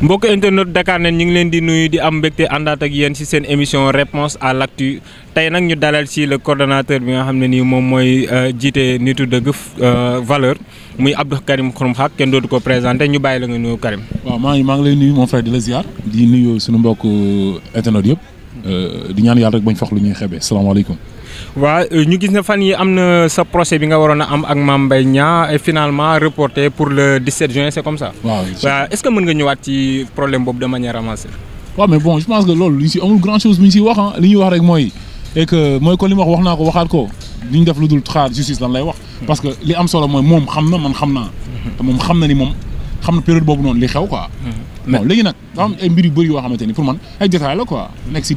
mbokk internet Dakar Net ñu ngi leen di nuyu di am mbégte àndaat ak yéen ci seen émission réponse à l'actu tey nag ñu dalal ci le coordonnateur bi nga xam ne nii moom mooy euh, jiite nitu dëgg euh, valeur muy Abdou Karim Xrum Xax kenn dootu ko présenté ñu bàyyi la nga nuyu Karim. maa ngi maa ngi lay nuyu moom Faye di la ziar di nuyu suñu mbokk internet yëpp euh, di ñaan yàlla rek bañ fax lu ñuy xebee salaamaaleykum. waaw euh, ñu gis na fan yi am na sa procès bi nga waroon a am ak Mame Mbaye Niang et finalement reporté pour le 17 juin c'est comme ça. waaw waaw est-ce que mën nga ñëwaat ci problème boobu de manière avancée. waaw mais bon je pense que loolu li si amul grand chose bu si wax li ñuy wax rek mooy et que mooy kon li ma wax wax ko waxaat ko li ñu def lu dul xaar justice lan lay wax. Hmm. parce que li am solo mooy moom xam na man xam naa. Hmm. moom xam na ni moom xam na boobu noonu li xew quoi. Hmm. bon nag daa am ay mbir yu ni pour man ay détails la quoi. nekk si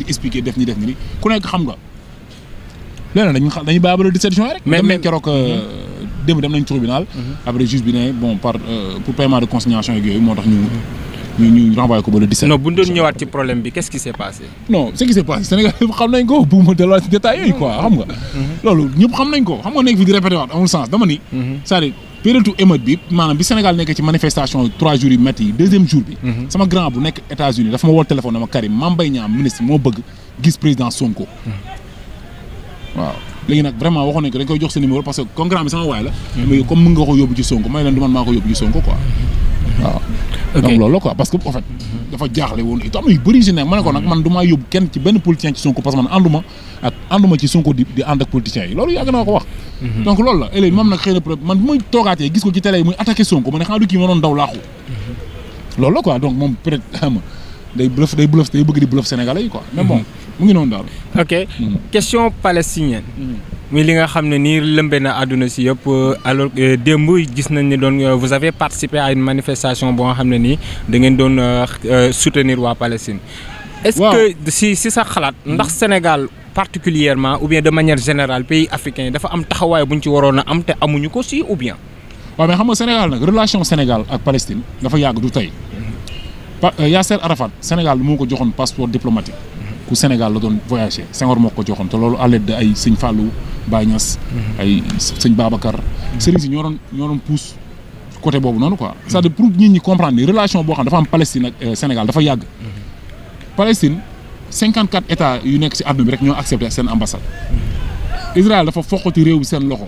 léeg-léeg dañuy xa dañuy bàyyi ba le 17 juin rek. mais dem nañ keroog euh, mhm. démb dem nañ tribunal. Mhm. après juge bi ne euh, pour paiement de consignation yooyu moo tax ñu. renvoyé ko ba le 17. non bu ñu doon problème bi Sénégal mhm. nekk ni. c'est-à-dire ci manifestation trois jours yu métti deuxième jour bi. sama grand bu nekk États-Unis dafa ma woo téléphone dama Karim Mame Mbaye Niang ministre moo bëgg gis président Sonko. waaw léegi nag vraiment waxoon nañ ko dañ koy jox sa numéro parce que concurrent bi sama waay la mais comme mën nga ko yóbbu ci Sonko may leen du man maa ko yóbbu ci Sonko loolu la quoi parce que en man du ak ànduma ci Sonko di di ak politicien yi loolu yàgg naa ko wax mhm. donc loolu la ëllëg moom nag xëy na man bu muy toogaatee gis ko ci télé yi muy attaqué Sonko ma ne du kii ma daw laaxu mhm. loolu la quoi donc moom peut day bluff day bluff di bluff sénégalais yi quoi mais bon mhm. mu ngi noonu daal. ok mm. question palestinienne. Mm. muy li nga xam ne nii lëmbe na àdduna si yëpp euh, alors euh, démb gis nañ ne doon euh, vous avez participé à une manifestation boo nga xam ne nii da ngeen doon soutenir waa Palestine. est-ce que si sa xalaat. Mm. ndax Sénégal particulièrement ou bien de manière générale pays africain dafa am taxawaay bu ñu ci waroon a am te amuñu ko si ou bien. waaw mais xam nga Sénégal nag relation Sénégal ak Palestine dafa yàgg du tey mm-hmm. Yasser Arafat Sénégal moo ko joxoon passeport diplomatique. ku Sénégal la doon voyager Senghor moo ko joxoon te loolu à l'aide de ay sëñ Fallou Baye Niass mhm. ay sëñ Babacar mhm. sëriñ ñoo doon ñoo doon boobu noonu quoi mhm. c'est-à-dire pour nit ñi comprendre ni relation boo xam dafa am Palestine ak euh, Sénégal dafa yàgg Palestine cinquante quatre états yu nekk ci àdduna bi rek ñoo accepté seen ambassade Israël dafa foqati réew bi seen loxo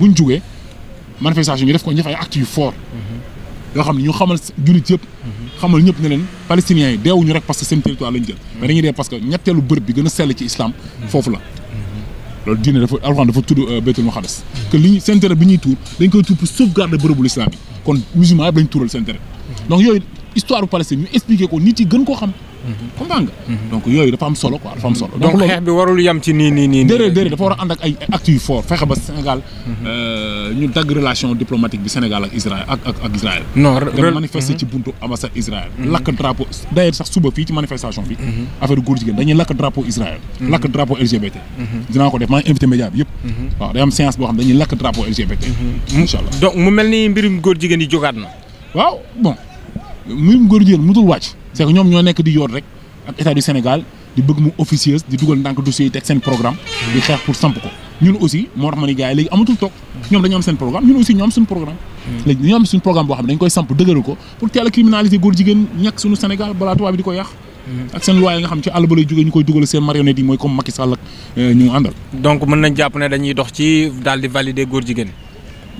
bu ñu jugee manifestation ñu def ko ñu def ay actes yu fort. yoo xam ne ñu xamal jullit yëpp. xamal ñëpp ne leen palestiniens yi deewuñu rek parce que seen territoire lañ jël. mais dañuy dee parce que ñetteelu bërëb bi gën a sell ci islam foofu la. loolu diine dafa alxuraan dafa tudd euh, baytul maqdis que li ñuy seen terrain bi ñuy tuur dañ koy tuur pour sauvegarder bërëbu islam kon musulman yëpp lañ tuural seen terrain donc yooyu histoire bu Palestine ñu expliqué ko nit yi comprendre nga. Mhm. donc yooyu dafa am solo quoi dafa am donc xeex bi warul yam ci nii nii nii. déedéet déedéet dafa war a ànd ak ay actes yu fort fexe ba Sénégal. Mhm. Euh, ñu dagg relation diplomatique bi Sénégal ak Israël ak ak non ren manifester mhm. ci buntu ambassade Israël. lakk drapeau d'ailleurs sax suba fii ci manifestation fii. affaire góor jigéen dañuy lakk drapeau Israël. lakk drapeau LGBT. dinaa ko def maa invité média bi yëpp. waaw day am séance boo xam dañuy lakk drapeau LGBT. incha allah donc mu mel c'est que ñoom ñoo nekk di yoot rek ak état du Sénégal di bëgg mu officieuse di dugal ndànk dossiers te teg seen programme di xeex pour samp ko ñun aussi moo tax ma ni gars yi léegi amatul toog ñoom dañu am seen programme ñun aussi ñoo am suñu programme hmm. boo xam ne dañ koy samp dëgëral ko pour teel a criminaliser góor jigéen ñàkk suñu Sénégal balaa tubaab bi di ko yàq hmm. ak seen loi yi nga xam ci àll ba lay jógee ñu koy dugal seen marionnette yi mooy comme Macky Sall ak euh, ñu àndal donc mën nañ jàpp ne dañuy dox ci daal di valider góor jigéen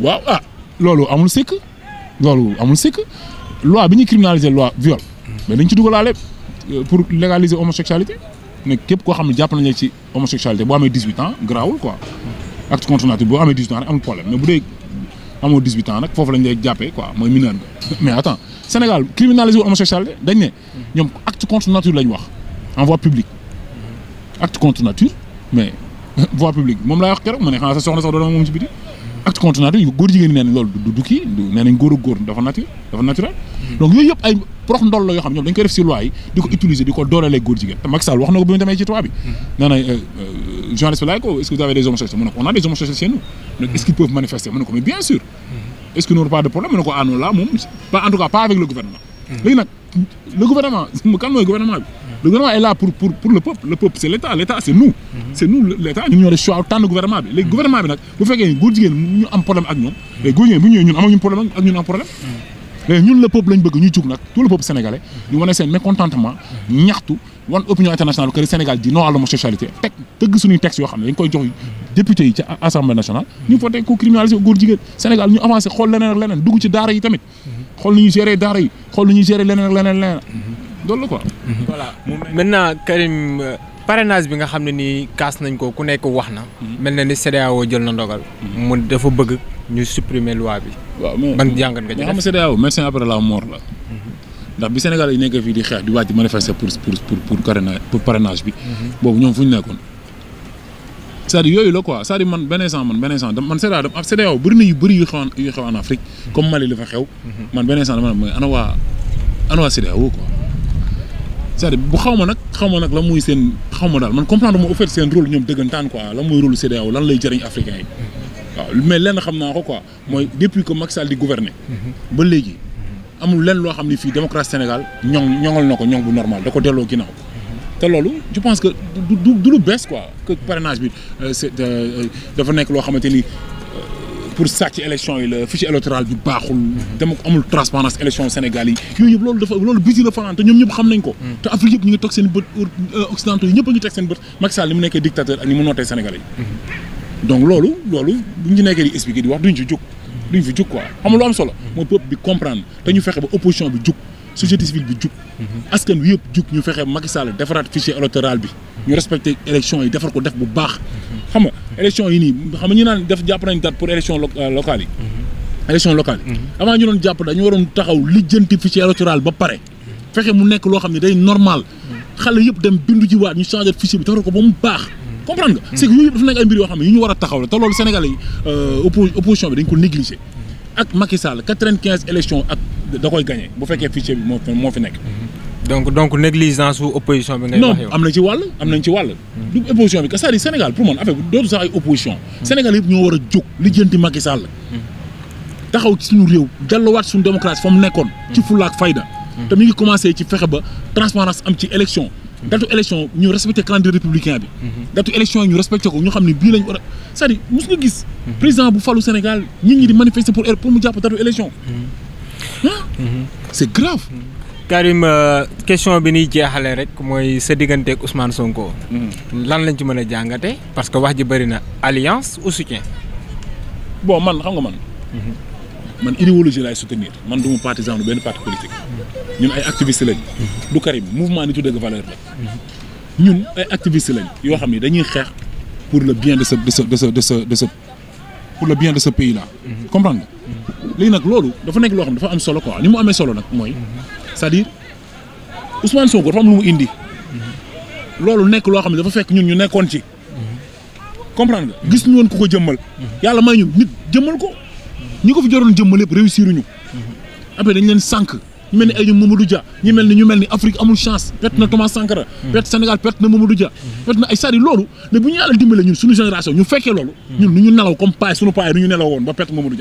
waaw ah loolu amul sikk loolu amul sikk loi bi ñuy criminaliser loi mais dañ ci dugalaale pour légaliser homosexualité mais képp koo xam ne jàpp nañu ci homosexualité boo amee 18 ans garaawul quoi acte contre nature boo amee 18 ans rek amul problème mais bu dee amoo 18 ans nag foofu lañ lay jàppee quoi mooy mineur nga mais attends Sénégal criminaliser homosexualité dañ ne ñoom acte contre nature lañ wax en voie publique acte contre nature mais voie publique moom laay wax keroog ma ne xanaa sa soxna sax doon moom ci biti acte contre nature yu góor jigéen du du kii nee nañ góor naturel. donc yooyu yëpp ay prox ndol yoo xam dañ koy def si di ko utiliser di ko dooleelee góor jigéen te Macky Sall wax na bi mu demee ci bi. nee na euh, euh, journaliste ko est-ce que vous avez des homosexuels mu ne ko on a des homosexuels chez nous. donc est-ce qu'ils peuvent manifester mu ne ko mais bien ah moom pas en tout cas pas avec le gouvernement. léegi nag le gouvernement kan mooy gouvernement bi. le gouvernement est là pour pour pour le peuple le peuple c' est l' état l' état c' est nous. c' est nous l' état ñun ñoo def choix bi léegi gouvernement bi nag bu fekkee góor jigéen ñu am problème ak ñoom. léegi góor jigéen bu ñëwee ñun amuñu problème ak ñun problème. ñun le peuple lañ bëgg ñu jug nag tout le peuple sénégalais ñu wane seen mécontentement ñaxtu wan opinion internationale que le Sénégal di non à l'homosexualité teg tëgg suñuy texte yoo xam ne dañ koy jox député yi ci assemblée nationale ñu voté ko criminaliser góor jigéen Sénégal ñu avancé xool leneen ak leneen dugg ci daara tamit xool nu ñuy gérer daara xool nu ñuy gérer leneen ak leneen leneen loolu la parrainage bi nga xam ne nii kaas nañ ko ku nekk wax na. Mhm. mel na ni CEDEAO jël na ndogal. Mhm. mu dafa bëgg ñu supprimer loi bi. waaw mais ban jàngat nga ci xam nga CEDEAO médecin après la mort la. Mhm. ndax bi Sénégal yi nekk fii di xeex di wàcc manifester pour pour pour pour parrainage bi. boobu ñoom fu ñu nekkoon. c'est-à-dire yooyu la quoi c'est-à-dire man benn man benn instant man CEDEAO dama yu xew yu en Afrique. comme Mali li fa xew. man benn instant dama ne mooy ana waa ana waa CEDEAO cest à bu xaw ma nag xaw ma nag la muy seen xaw ma daal man comprendre ma offert seen rôle ñoom dëggantaan quoi la muy rôle CEDEAO lan lay jëriñ africain yi waaw mais lenn xam naa ko quoi mooy depuis que Macky Sall di gouverner ba léegi amul lenn loo xam ne fii démocratie Sénégal ñoŋ ñoŋal na ko ñoŋ bu normal da ko delloo ginnaaw te loolu je pense que du du lu bees quoi que parrainage bi euh, c'est euh, euh, dafa nekk loo xamante ni pour sàcc élection yi la fichier électoral bi baaxul dama ko amul transparence élection Sénégal yi yooyu yëpp loolu dafa loolu bisi la fanaan te ñoom ñëpp xam nañ ko hmm. te Afrique yëpp ñu ngi toog seen bët euh, occidentaux yi ñëpp a ngi teg seen bët Macky nekkee dictateur ak hmm. di expliquer di wax duñ ci jóg duñ fi jóg quoi xam lu am solo hmm. mooy peuple bi comprendre te ñu fexe ba opposition bi jóg société civile bi jug askan wi yëpp jug ñu fexe Macky defaraat fichier électoral bi ñu respecté élection xam nga élection yi nii xam nga ñu naan def jàpp nañ date pour élection euh, locale yi mhm. élection locale yi mhm. avant ñu doon jàpp dañu waroon taxaw lijjanti fichier électoral ba pare fexe mu nekk loo xam ne day normal mhm. xale yëpp dem bindu ji waat ñu changé fichier bi taxaw ko ba mu baax comprendre nga c'est que yooyu yëpp dafa nekk ay mbir yoo xam ne yu ñu war a taxaw la te loolu Sénégalais yi euh, opposition bi dañ ko négligé ak Macky quatre-vingt-quinze élection bu fekkee fichier bi moo donc donc négligence su opposition bi ngay wax yow non am na ci wàll am nañ ci wàll. Hmm. du opposition bi cest à Sénégal pour man affaire bi dootu sax ay opposition. Hmm. Sénégal yëpp ñoo war a jóg hmm. nekkoon. ci fulla fayda. te mi ngi commencé ci fexe ba transparence am ci élection. datu élection ñu respecté calendrier républicain bi. datu élection ñu respecté ko ñu xam ne bii lañ war a c'est-à-dire mos nga gis. président bu falu Sénégal nit ñi di manifester pour pour c'est grave. Karim euh, question bi nuy jeexalee rek mooy sa digganteeg Ousmane Sonko. Mhm. lan lañ ci mën a jàngate parce que wax ji bëri na alliance ou soutien. bon man xam nga man. Mhm. man idéologie laay soutenir man du ma partisan du benn parti politique. ñun ay activiste lañ. Mhm. du Karim mouvement Nittu Dëgg Valeurs la. ñun ay activiste lañ yoo xam ne dañuy xeex pour le bien de ce de ce de ce de le bien de ce pays là. comprendre nga léegi nag loolu dafa nekk loo xam dafa am solo ko ni mu amee solo nag mooy. c'est-à-dire Ousmane Sonko dafa am lu mu indi. loolu nekk loo xam ne dafa fekk ñun ñu nekkoon ci. comprendre nga gis ñu woon ku ko jëmmal. yàlla may ñu nit jëmmal ko. ñi ko fi joroon jëmmal yëpp réussir ñu. après dañ leen sànq. ñu mel ni ay ñu Mamadou Dia ñu mel ni ñu mel ni Afrique amul chance perte na Thomas Sankara. perte Sénégal perte na Mamadou Dia. perte na ay sari loolu ne bu ñu yàlla dimbale ñun suñu génération ñu fekkee loolu. ñun nu ñu nelaw comme paay suñu paay nu ñu nelaw woon ba perte Mamadou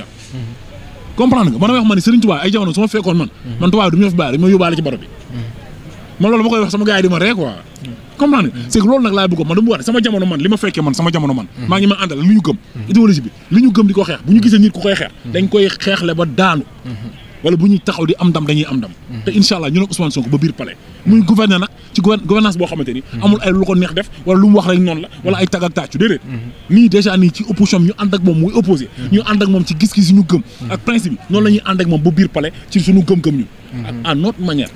comprendre nga man a wax man ni Serigne Touba ay jamono su ma fekkoon man mm-hmm. man Touba du ñu fi bàyyi rek bi mm-hmm. man loolu ma sama gars di ma ree quoi mm-hmm. comprendre nga loolu nag laa bëggoon man dama wax sama jamono man li ma fekkee man sama jamono man maa ngi ma àndal li ñu gëm idéologie bi li ñu gëm di ko xeex bu ñu gisee nit ku xeex dañ koy xeexle ba daanu wala bu ñuy taxaw di am ndam dañuy am ndam te incha ñu ne Ousmane Sonko ba biir palais muy gouverneur nag ci gouvernance boo xamante ni amul ay lu ko neex def wala lu wax rek noon la wala ay tag ak tàccu déedéet mhm. nii déjà nii ci opposition bi ñu ànd ak moom muy opposé mhm. ñu ànd ak moom ci gis-gis yi ñu gëm mhm. ak principe yi noonu la ñuy ànd moom ba biir palais ci suñu gëm-gëm ñu à notre manière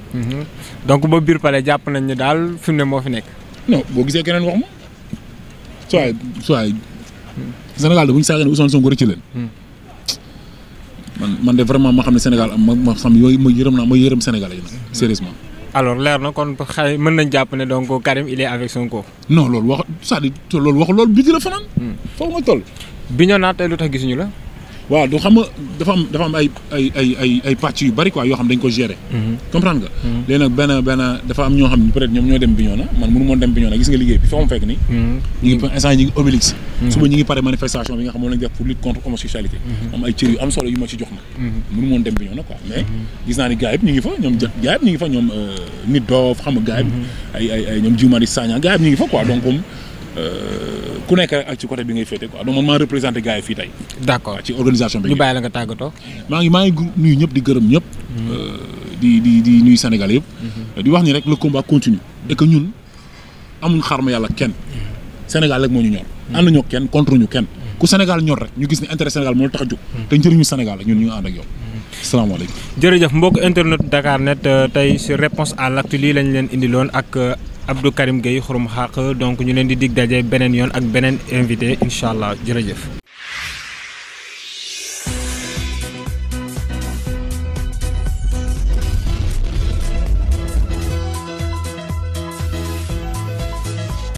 donc ba biir palais jàpp nañ ne daal fi ne moo fi nekk non boo gisee keneen wax ma soaay soaay Sénégal da bu ñu saaga ne Ousmane Sonko rëcc leen man man de vraiment ma xam ne Sénégal am yooyu ma yërëm naa ma yërëm Sénégalais yi nag sérieusement alors leer na kon mën nañ jàpp ne donc Karim il est avec Sonko. non loolu wax c'est-à-dire loolu wax loolu biti la fanaan. Hmm. foofu nga toll. bi ñoo naat tey lu tax gisuñu la. waaw du xam nga dafa am dafa am ay ay yu bari quoi yoo xam dañ ko gérer. Mhm. comprendre nga. Mhm. léegi nag benn benn dafa am ñoo xam ne peut être ñoom ñoo dem Bignona man mënu moon dem Bignona gis nga liggéey bi fa mu mhm. ñu ngi pare manifestation bi nga xam moom def pour lutte contre homosexualité. am solo yu ma ci jox nag. mënu moon dem Bignona quoi mais gis naa ni gars yëpp ñu ngi fa ñoom jë ñu ngi fa ñoom euh, nit doof xam nga ay ñoom Jiw Mari Sagna ñu ngi fa quoi donc Euh, ku nekk rek ak ci côté bi ngay féete quoi donc man maa représenté gars yi fii tey. d' accord ci organisation bi. ñu bàyyi la nga tàggatoo. maa ngi maa ngi nuyu ñëpp di gërëm ñëpp. Mm-hmm. Euh, di di di nuyu Sénégal yëpp. Mm-hmm. di wax ni rek le combat continue et ñun amuñ xarma yàlla kenn. Mm-hmm. Sénégal rek moo ñu ñor. ànd ñoo kenn contre ñu kenn. ku Sénégal ñor rek ñu gis ne intérêt Sénégal moo tax a jóg. te njëriñu Sénégal ñun ñu ngi ànd ak yow. salaamaaleykum. jërëjëf mbokk internet Dakar net euh, Abdou Karim Gueye xurum xaq donc ñu leen di dig daje beneen yoon ak beneen invité incha allah jërëjëf.